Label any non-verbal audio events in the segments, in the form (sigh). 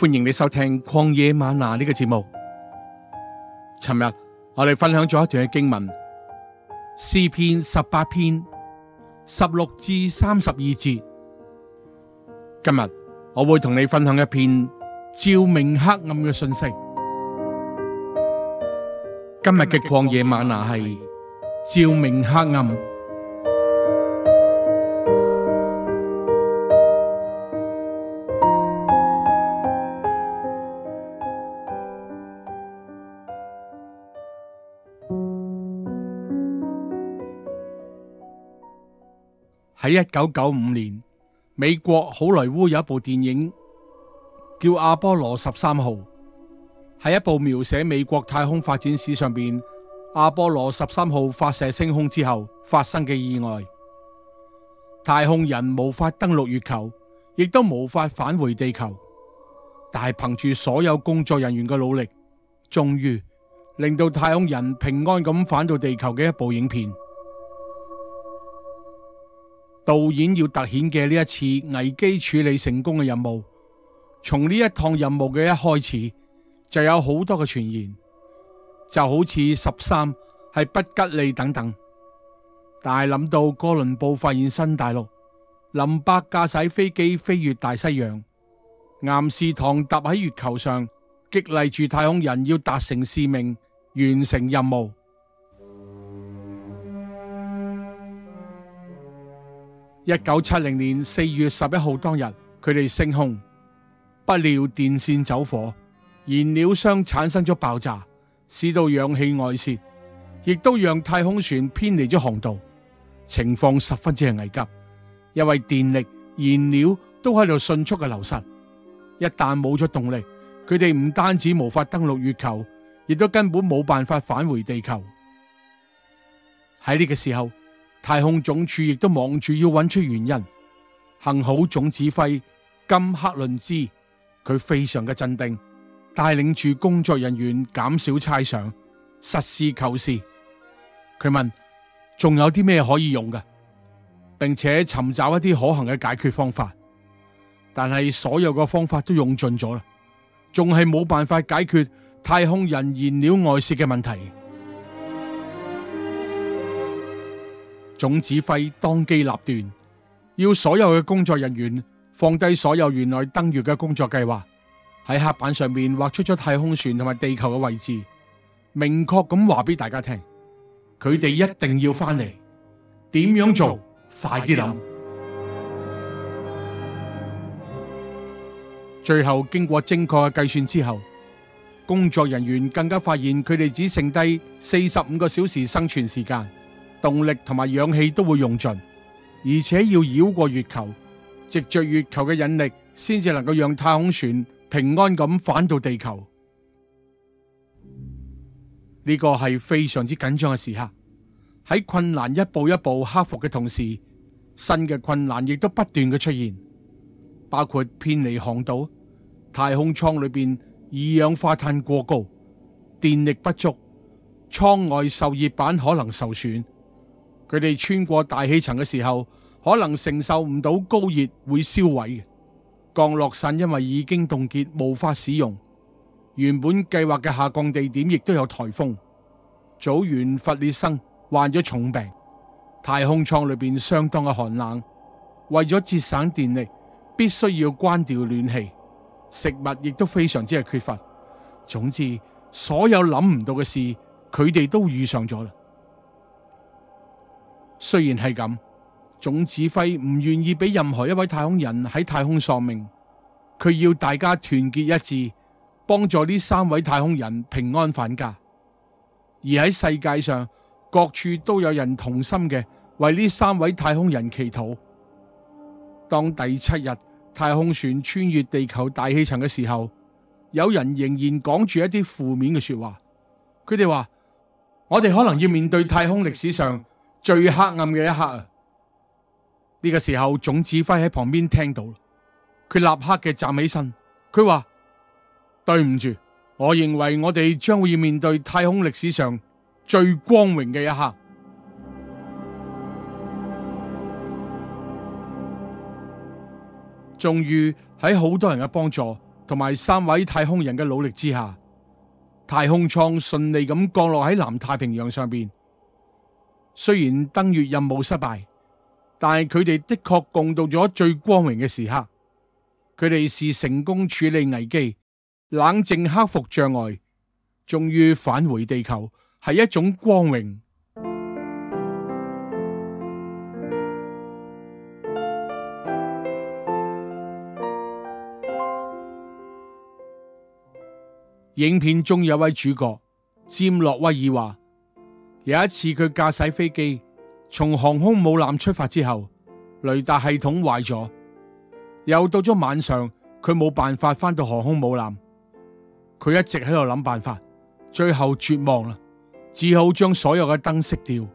歡迎你收聽《曠野嗎哪》呢、這個節目。尋日我哋分享咗一段嘅經文，詩篇十八篇十六至三十二節。今日我會同你分享一篇照明黑暗嘅信息。今日嘅曠野嗎哪係照明黑暗。喺一九九五年，美國好萊塢有一部電影叫《阿波羅十三號》，係一部描寫美國太空發展史上邊阿波羅十三號發射升空之後發生嘅意外，太空人無法登陸月球，亦都無法返回地球，但係憑住所有工作人員嘅努力，終於令到太空人平安咁返到地球嘅一部影片。導演要突顯嘅呢一次危機處理成功嘅任務，從呢一趟任務嘅一開始，就有好多嘅傳言，就好似十三係不吉利等等。但係諗到哥倫布發現新大陸，林伯駕駛飛機飛越大西洋，岩士唐踏喺月球上，激勵住太空人要達成使命，完成任務。一九七零年四月十一號當日，佢哋升空，不料電線走火，燃料箱產生咗爆炸，使到氧氣外泄，亦都讓太空船偏離咗航道，情況十分之危急，因為電力、燃料都喺度迅速嘅流失，一旦冇咗動力，佢哋唔單止無法登陸月球，亦都根本冇辦法返回地球。喺呢個時候。太空總署亦都忙住要揾出原因，幸好總指揮金克倫茲佢非常嘅鎮定，帶領住工作人員減少猜想，實事求是。佢問仲有啲咩可以用㗎，並且尋找一啲可行嘅解決方法。但係所有嘅方法都用盡咗啦，仲係冇辦法解決太空人燃料外泄嘅問題。總指揮當機立斷，要所有嘅工作人員放低所有原來登月嘅工作計劃，喺黑板上面畫出咗太空船同埋地球嘅位置，明確咁話俾大家聽，佢哋一定要翻嚟。點樣做？快啲諗！ (music) 最後經過精確嘅計算之後，工作人員更加發現佢哋只剩低四十五個小時生存時間。動力同埋氧氣都會用盡，而且要繞過月球，藉着月球嘅引力，先至能夠讓太空船平安咁返到地球。呢個係非常之緊張嘅時刻，喺困難一步一步克服嘅同時，新嘅困難亦都不斷嘅出現，包括偏離航道、太空艙裏邊二氧化碳過高、電力不足、艙外受熱板可能受損。佢哋穿過大氣層嘅時候，可能承受唔到高熱會燒毀嘅降落傘，因為已經凍結無法使用。原本計劃嘅下降地點亦都有台風。組員佛列生患咗重病，太空艙裏邊相當嘅寒冷，為咗節省電力，必須要關掉暖氣。食物亦都非常之係缺乏。總之，所有諗唔到嘅事，佢哋都遇上咗啦。雖然係咁，總指揮唔願意俾任何一位太空人喺太空喪命，佢要大家團結一致，幫助呢三位太空人平安返家。而喺世界上各處都有人同心嘅，為呢三位太空人祈禱。當第七日太空船穿越地球大氣層嘅時候，有人仍然講住一啲負面嘅說話。佢哋話：我哋可能要面對太空歷史上。最黑暗嘅一刻啊！呢個時候，總指揮喺旁邊聽到，佢立刻嘅站起身，佢話：對唔住，我認為我哋將會要面對太空歷史上最光榮嘅一刻。終於喺好多人嘅幫助同埋三位太空人嘅努力之下，太空艙順利咁降落喺南太平洋上邊。雖然登月任務失敗，但係佢哋的確共度咗最光榮嘅時刻。佢哋是成功處理危機、冷靜克服障礙，終於返回地球，係一種光榮。 (music) 影片中有位主角詹洛威爾話。有一次佢駕駛飛機從航空母艦出發之後，雷達系統壞咗，又到咗晚上，佢冇辦法返到航空母艦，佢一直喺度諗辦法，最後絕望啦，只好將所有嘅燈熄掉，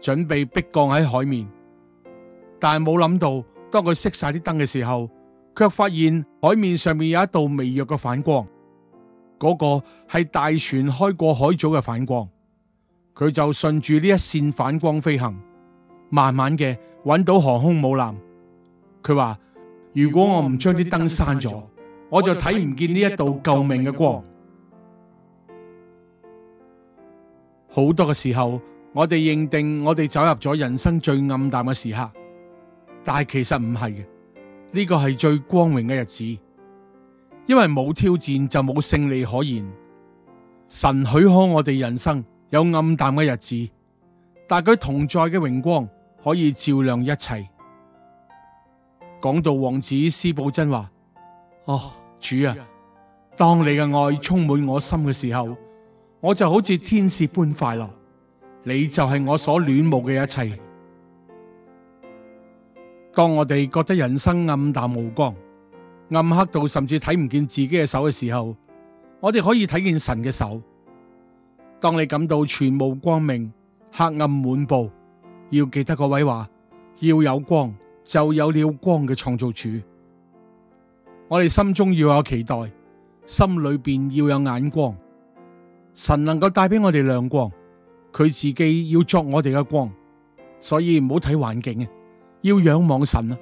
準備逼降喺海面，但係冇諗到，當佢熄晒啲燈嘅時候，卻發現海面上面有一道微弱嘅反光，嗰、嗰個係大船開過海藻嘅反光。佢就順住呢一線反光飛行，慢慢嘅揾到航空母艦。佢話：如果我唔將啲燈閂咗，我就睇唔見呢一道救命嘅光。好多嘅時候，我哋認定我哋走入咗人生最暗淡嘅時刻，但係其實唔係嘅。呢個係最光榮嘅日子，因為冇挑戰就冇勝利可言。神許可我哋人生。有暗淡嘅日子，但佢同在嘅榮光可以照亮一切。講到王子司布真話，哦主啊，當你嘅愛充滿我心嘅時候，我就好似天使般快樂。你就係我所戀慕嘅一切。當我哋覺得人生暗淡無光，暗黑到甚至睇唔見自己嘅手嘅時候，我哋可以睇見神嘅手。當你感到全無光明，黑暗滿布，要記得嗰位話：要有光，就有了光嘅創造主。我哋心中要有期待，心裏面要有眼光。神能夠帶俾我哋亮光，佢自己要作我哋嘅光。所以唔好睇環境啊，要仰望神啊！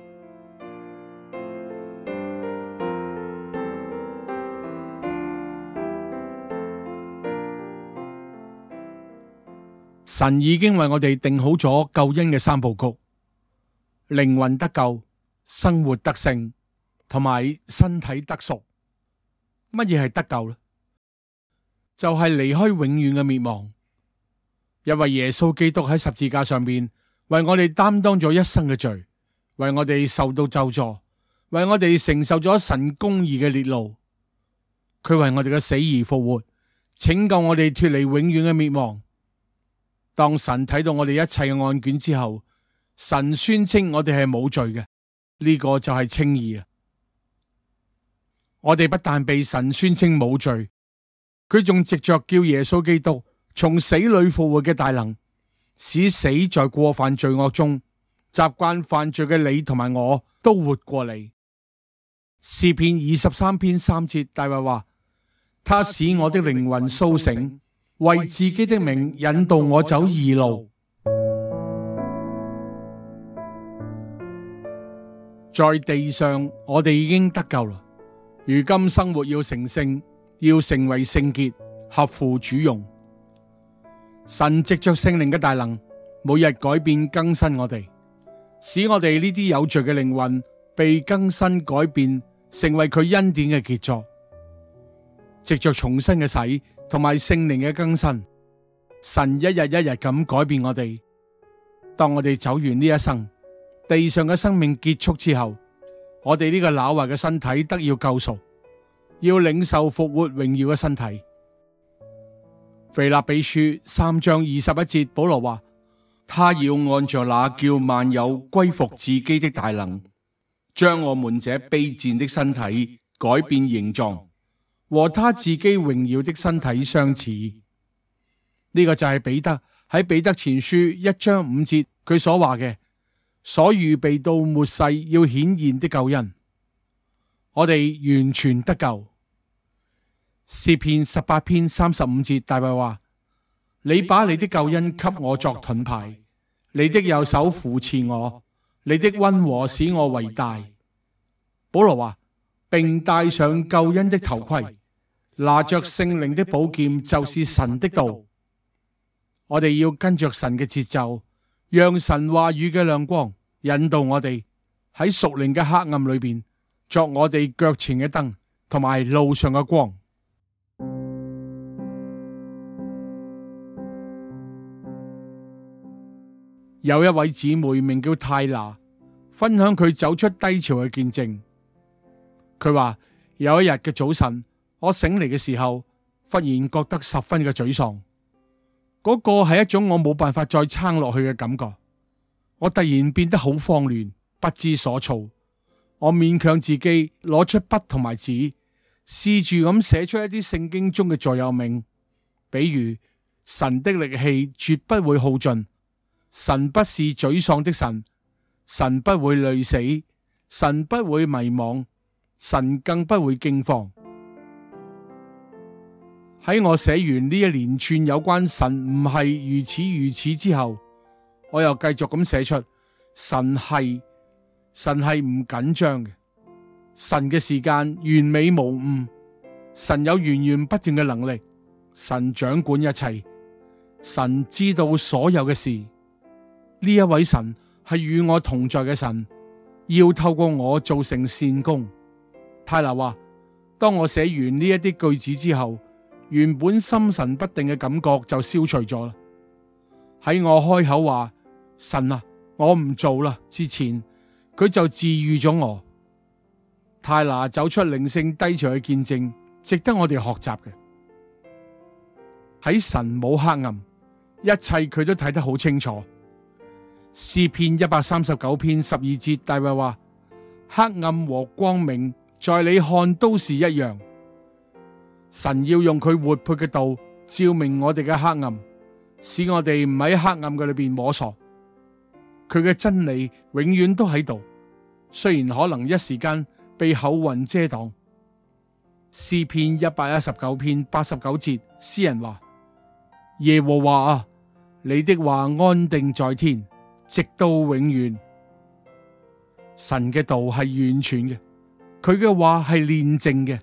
神已經為我哋定好咗救恩嘅三部曲：靈魂得救、生活得勝、同埋身體得贖。乜嘢係得救咧？就係、是、離開永遠嘅滅亡。因為耶穌基督喺十字架上邊為我哋擔當咗一生嘅罪，為我哋受到救助，為我哋承受咗神公義嘅烈怒。佢為我哋嘅死而復活，拯救我哋脫離永遠嘅滅亡。當神睇到我哋一切嘅案卷之後，神宣稱我哋係冇罪嘅，呢個就係稱義啊！我哋不但被神宣稱冇罪，佢仲藉着叫耶穌基督從死裏復活嘅大能，使死在過犯罪惡中、習慣犯罪嘅你同埋我都活過嚟。詩篇二十三篇三節大衛話：他使我的靈魂蘇醒。為自己的名引導我走義路。 (noise) 在地上我哋已經得救啦。如今生活要成聖，要成為聖潔，合乎主用。神藉着聖靈嘅大能，每日改變更新我哋，使我哋呢啲有罪嘅靈魂被更新改變，成為佢恩典嘅傑作，藉着重生嘅洗。同埋聖靈嘅更新，神一日一日咁改變我哋。當我哋走完呢一生，地上嘅生命結束之後，我哋呢個朽壞嘅身體得要救贖，要領受復活榮耀嘅身體。腓立比書三章二十一節，保羅話：他要按着那叫萬有歸服自己的大能，將我們這卑賤的身體改變形狀。和他自己榮耀的身體相似，呢、這個就係彼得喺彼得前書一章五節佢所話嘅，所預備到末世要顯現的救恩，我哋完全得救。詩篇十八篇三十五節大衛話：你把你的救恩給我作盾牌，你的右手扶持我，你的溫和使我為大。保羅話，並戴上救恩的頭盔。拿着聖靈的寶劍，就是神的道。 (noise) 我哋要跟着神嘅節奏，讓神話語嘅亮光引導我哋喺屬靈嘅黑暗裏邊，作我哋腳前嘅燈，同埋路上嘅光。 (noise) 有一位姊妹名叫泰娜，分享佢走出低潮嘅見證。佢話有一日嘅早晨。我醒嚟嘅時候，忽然覺得十分嘅沮喪。嗰個係一種我冇辦法再撐落去嘅感覺。我突然變得好慌亂，不知所措。我勉強自己攞出筆同埋紙，試住咁寫出一啲聖經中嘅座右銘，比如神的力氣絕不會耗盡，神不是沮喪的神，神不會累死，神不會迷惘，神更不會驚慌。喺我寫完呢一連串有關神唔係如此如此之後，我又繼續咁寫出神係神係唔緊張嘅，神嘅時間完美無誤，神有源源不斷嘅能力，神掌管一切，神知道所有嘅事。呢一位神係與我同在嘅神，要透過我做成善工。泰拿話：當我寫完呢一啲句子之後。原本心神不定嘅感覺就消除咗啦。喺我開口話神啊，我唔做啦之前，佢就治愈咗我。泰娜走出靈性低潮嘅見證，值得我哋學習嘅。喺神冇黑暗，一切佢都睇得好清楚。詩篇一百三十九篇十二節，大衛話：黑暗和光明，在你看都是一樣。神要用佢活潑嘅道照明我哋嘅黑暗，使我哋唔喺黑暗嘅裏邊摸索。佢嘅真理永遠都喺度，雖然可能一時間被烏雲遮擋。詩篇一百一十九篇八十九節，詩人話：耶和華啊，你的話安定在天，直到永遠。神嘅道係完全嘅，佢嘅話係煉淨嘅。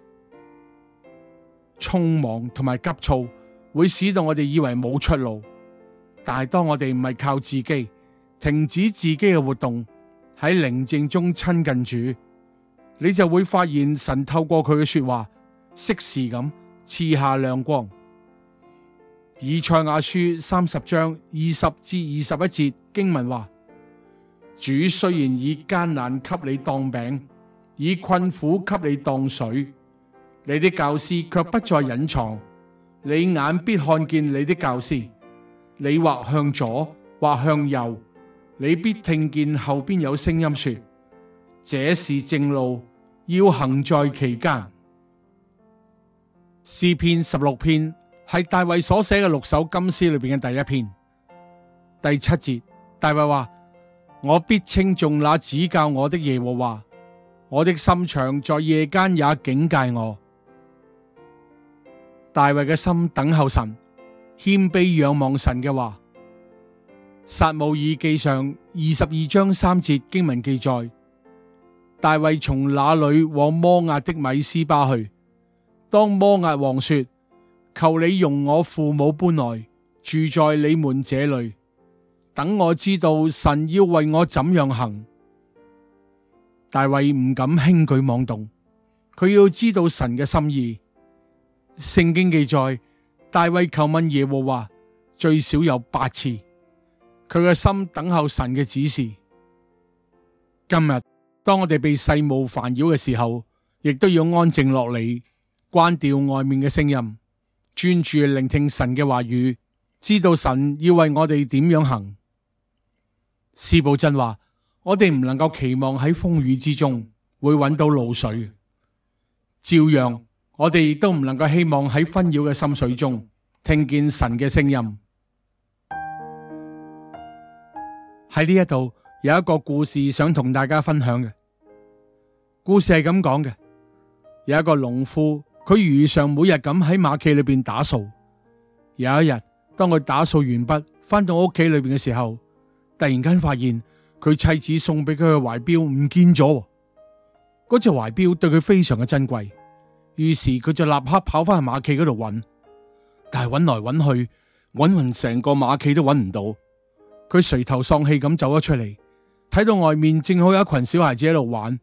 匆忙同埋急躁，會使到我哋以為冇出路。但係當我哋唔係靠自己，停止自己嘅活動，喺寧靜中親近主，你就會發現神透過佢嘅說話，適時咁賜下亮光。以賽亞書三十章二十至二十一節經文話：主雖然以艱難給你當餅，以困苦給你當水。你的教師卻不再隱藏，你眼必看見你的教師。你或向左，或向右，你必聽見後邊有聲音說：這是正路，要行在其間。詩篇十六篇係大衛所寫嘅六首金詩裏邊嘅第一篇。第七節，大衛話：我必稱頌那指教我的耶和華，我的心腸在夜間也警戒我。大衛嘅心等候神，謙卑仰望神嘅話，《撒母耳記上》二十二章三節經文記載：大衛從那裏往摩押的米斯巴去。當摩押王說：求你容我父母搬來，住在你們這裏，等我知道神要為我怎樣行。大衛唔敢輕舉妄動，佢要知道神嘅心意。聖經記載，大衛求問耶和華最少有八次，佢嘅心等候神嘅指示。今日當我哋被世務煩擾嘅時候，亦都要安靜落嚟，關掉外面嘅聲音，專注聆聽神嘅話語，知道神要為我哋點樣行。司布真話，我哋唔能夠期望喺風雨之中會揾到露水，照樣。我哋都唔能夠希望喺紛擾嘅深水中聽見神嘅聲音。喺呢一度有一個故事想同大家分享嘅，故事係咁講嘅：有一個農夫，佢如常每日咁喺馬廄裏邊打掃。有一日，當佢打掃完畢，翻到屋企裏邊嘅時候，突然間發現佢妻子送俾佢嘅懷錶唔見咗。嗰隻懷錶對佢非常嘅珍貴。於是佢就立刻跑返去馬厩嗰度揾，但係揾來揾去，揾匀成個馬厩都揾唔到，佢垂頭喪氣咁走咗出嚟，睇到外面正好有一群小孩子喺度玩，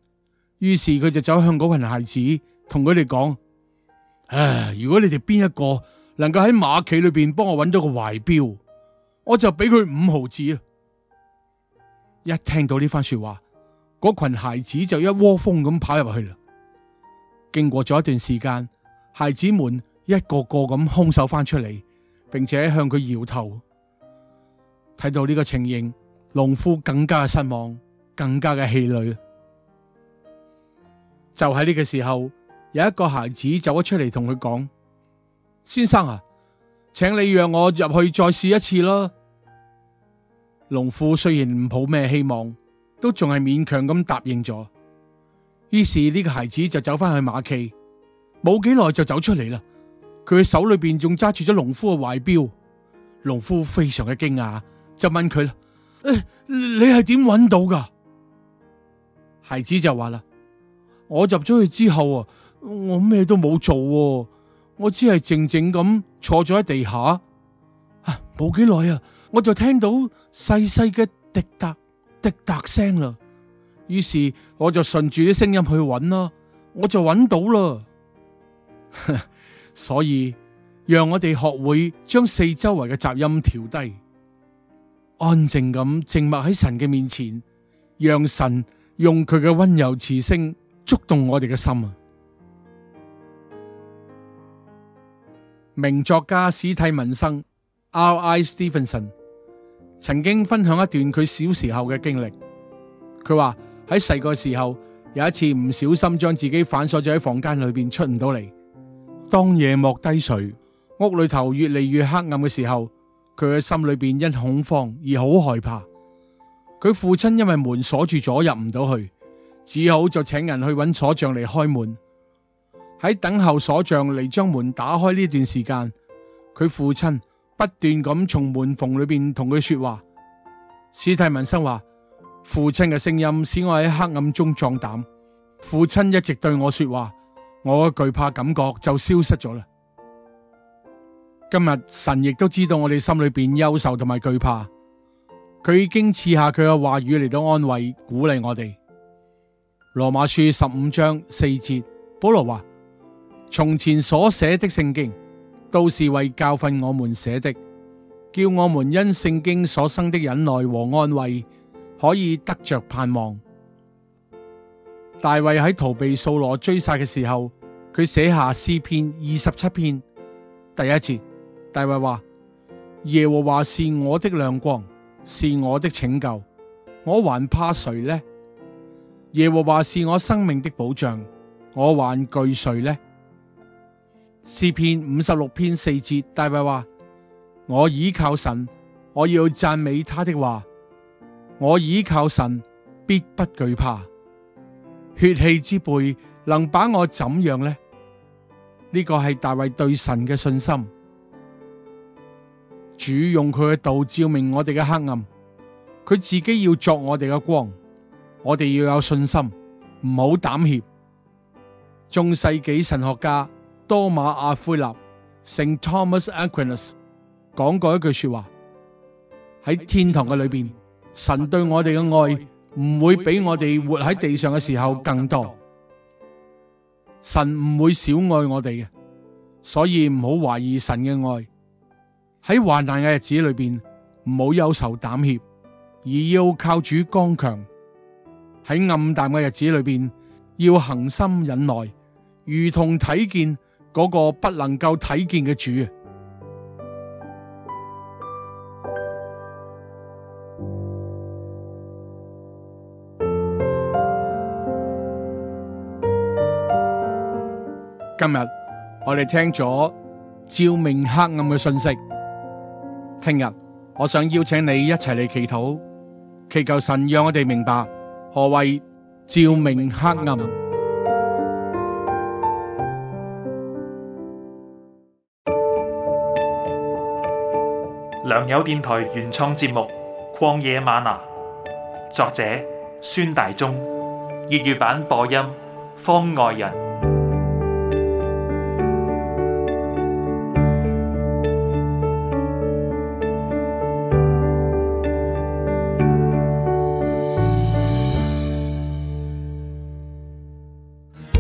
於是佢就走向嗰群孩子，同佢哋講：唉，如果你哋邊一個能夠喺馬厩裏邊幫我揾到個懷表，我就俾佢五毫子。一聽到呢番說話，嗰群孩子就一窩蜂咁跑入去啦。經過咗一段時間，孩子們一個個咁空手翻出嚟，並且向佢搖頭。睇到呢個情形，農夫更加失望，更加嘅氣餒。就喺呢個時候，有一個孩子走咗出嚟同佢講：「先生啊，請你讓我入去再試一次啦。」農夫雖然唔抱咩希望，都仲係勉強咁答應咗。於是呢、這個孩子就走翻去馬廄，冇幾耐就走出嚟啦。佢嘅手裏邊仲揸住咗農夫嘅懷表，農夫非常嘅驚訝，就問佢啦：誒、欸，你係點揾到噶？孩子就話啦：我入咗去之後啊，我咩都冇做，我只係靜靜咁坐咗喺地下啊，冇幾耐啊，我就聽到細細嘅滴答滴答聲啦。於是我就順住啲聲音去揾啦，我就揾到啦。 (laughs) 所以讓我哋學會將四周圍嘅雜音調低，安靜咁靜默喺神嘅面前，讓神用佢嘅温柔磁聲觸動我哋嘅心啊！ (music) 名作家史蒂文生 （R. I. Stevenson） 曾經分享一段佢小時候嘅經歷，佢話。喺細個時候，有一次唔小心將自己反鎖咗喺房間裏邊，出唔到嚟。當夜幕低垂，屋裏頭越嚟越黑暗嘅時候，佢嘅心裏邊因恐慌而好害怕。佢父親因為門鎖住咗，入唔到去，只好就請人去揾鎖匠嚟開門。喺等候鎖匠嚟將門打開呢段時間，佢父親不斷咁從門縫裏邊同佢說話。史蒂文生話。父親嘅聲音使我喺黑暗中壯膽。父親一直對我說話，我嘅懼怕感覺就消失咗啦。今日神亦都知道我哋心裏邊憂愁同埋懼怕，佢已經賜下佢嘅話語嚟到安慰鼓勵我哋。羅馬書十五章四節，保羅話：從前所寫的聖經，都是為教訓我們寫的，叫我們因聖經所生的忍耐和安慰，可以得着盼望。大衛喺逃避掃羅追殺嘅時候，佢寫下詩篇二十七篇第一節。大衛話：耶和華是我的亮光，是我的拯救，我還怕誰呢？耶和華是我生命的保障，我還懼誰呢？詩篇五十六篇四節，大衛話：我依靠神，我要讚美他的話。我依靠神，必不懼怕。血氣之輩能把我怎樣呢？呢、這個係大衛對神嘅信心。主用佢嘅道照明我哋嘅黑暗，佢自己要作我哋嘅光。我哋要有信心，唔好膽怯。中世紀神學家多馬阿奎納聖 Thomas Aquinas 講過一句說話：喺天堂嘅裏邊。神對我哋嘅愛唔會比我哋活喺地上嘅時候更多，神唔會少愛我哋嘅，所以唔好懷疑神嘅愛。喺患難嘅日子裏邊，唔好憂愁膽怯，而要靠主剛強。喺暗淡嘅日子裏邊，要恆心忍耐，如同睇見嗰個不能夠睇見嘅主。今日我哋聽咗照明黑暗嘅信息，聽日我想邀請你一齊嚟祈禱，祈求神讓我哋明白何謂照明黑暗。良友電台原創節目《曠野嗎哪》，作者孫大中，粵語版播音方外人。